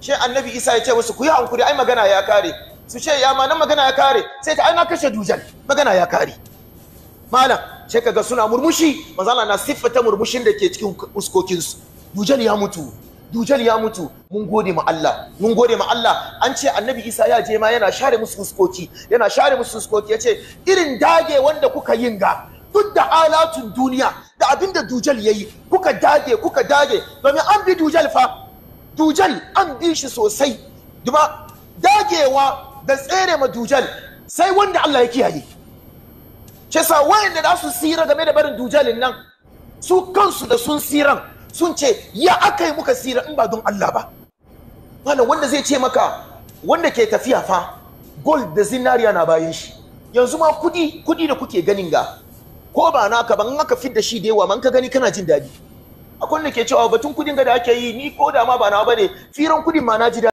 shi annabi isa ya ce musu ku yi hankuri ai magana ya kare su ce ya ma nan magana ya kare sai ta aina kashe dujal magana ya kare malam sai kaga suna murmushi manzala na siffata murmushin da ke cikin uskokinsu dujal ya mutu dujal ya mutu mun gode ma Allah mun gode ma Allah an ce annabi Isa ya je ma yana share musu uskoki yana share musu uskoki yace irin dage wanda kuka yin ga duk da alatun duniya da abinda dujal yayi kuka dage kuka dage domin an bi dujal fa dujal an bi shi sosai duba dagewa da tsere ma dujal sai wanda Allah ya kiyaye ce sa wayanda da su sira game da barin dujalin nan su kansu da sun siran sun ce ya aka yi muka sira in ba don Allah ba malam wanda zai ce maka wanda ke tafiya fa gold da zinariya na bayan shi yanzu ma kudi kudi da kuke ganin ga ko ba naka in aka fidda shi da yawa man ka gani kana jin daɗi akwai da ke cewa batun kudin ga da ake yi ni ko da ma ba na bane firan kudin ma na ji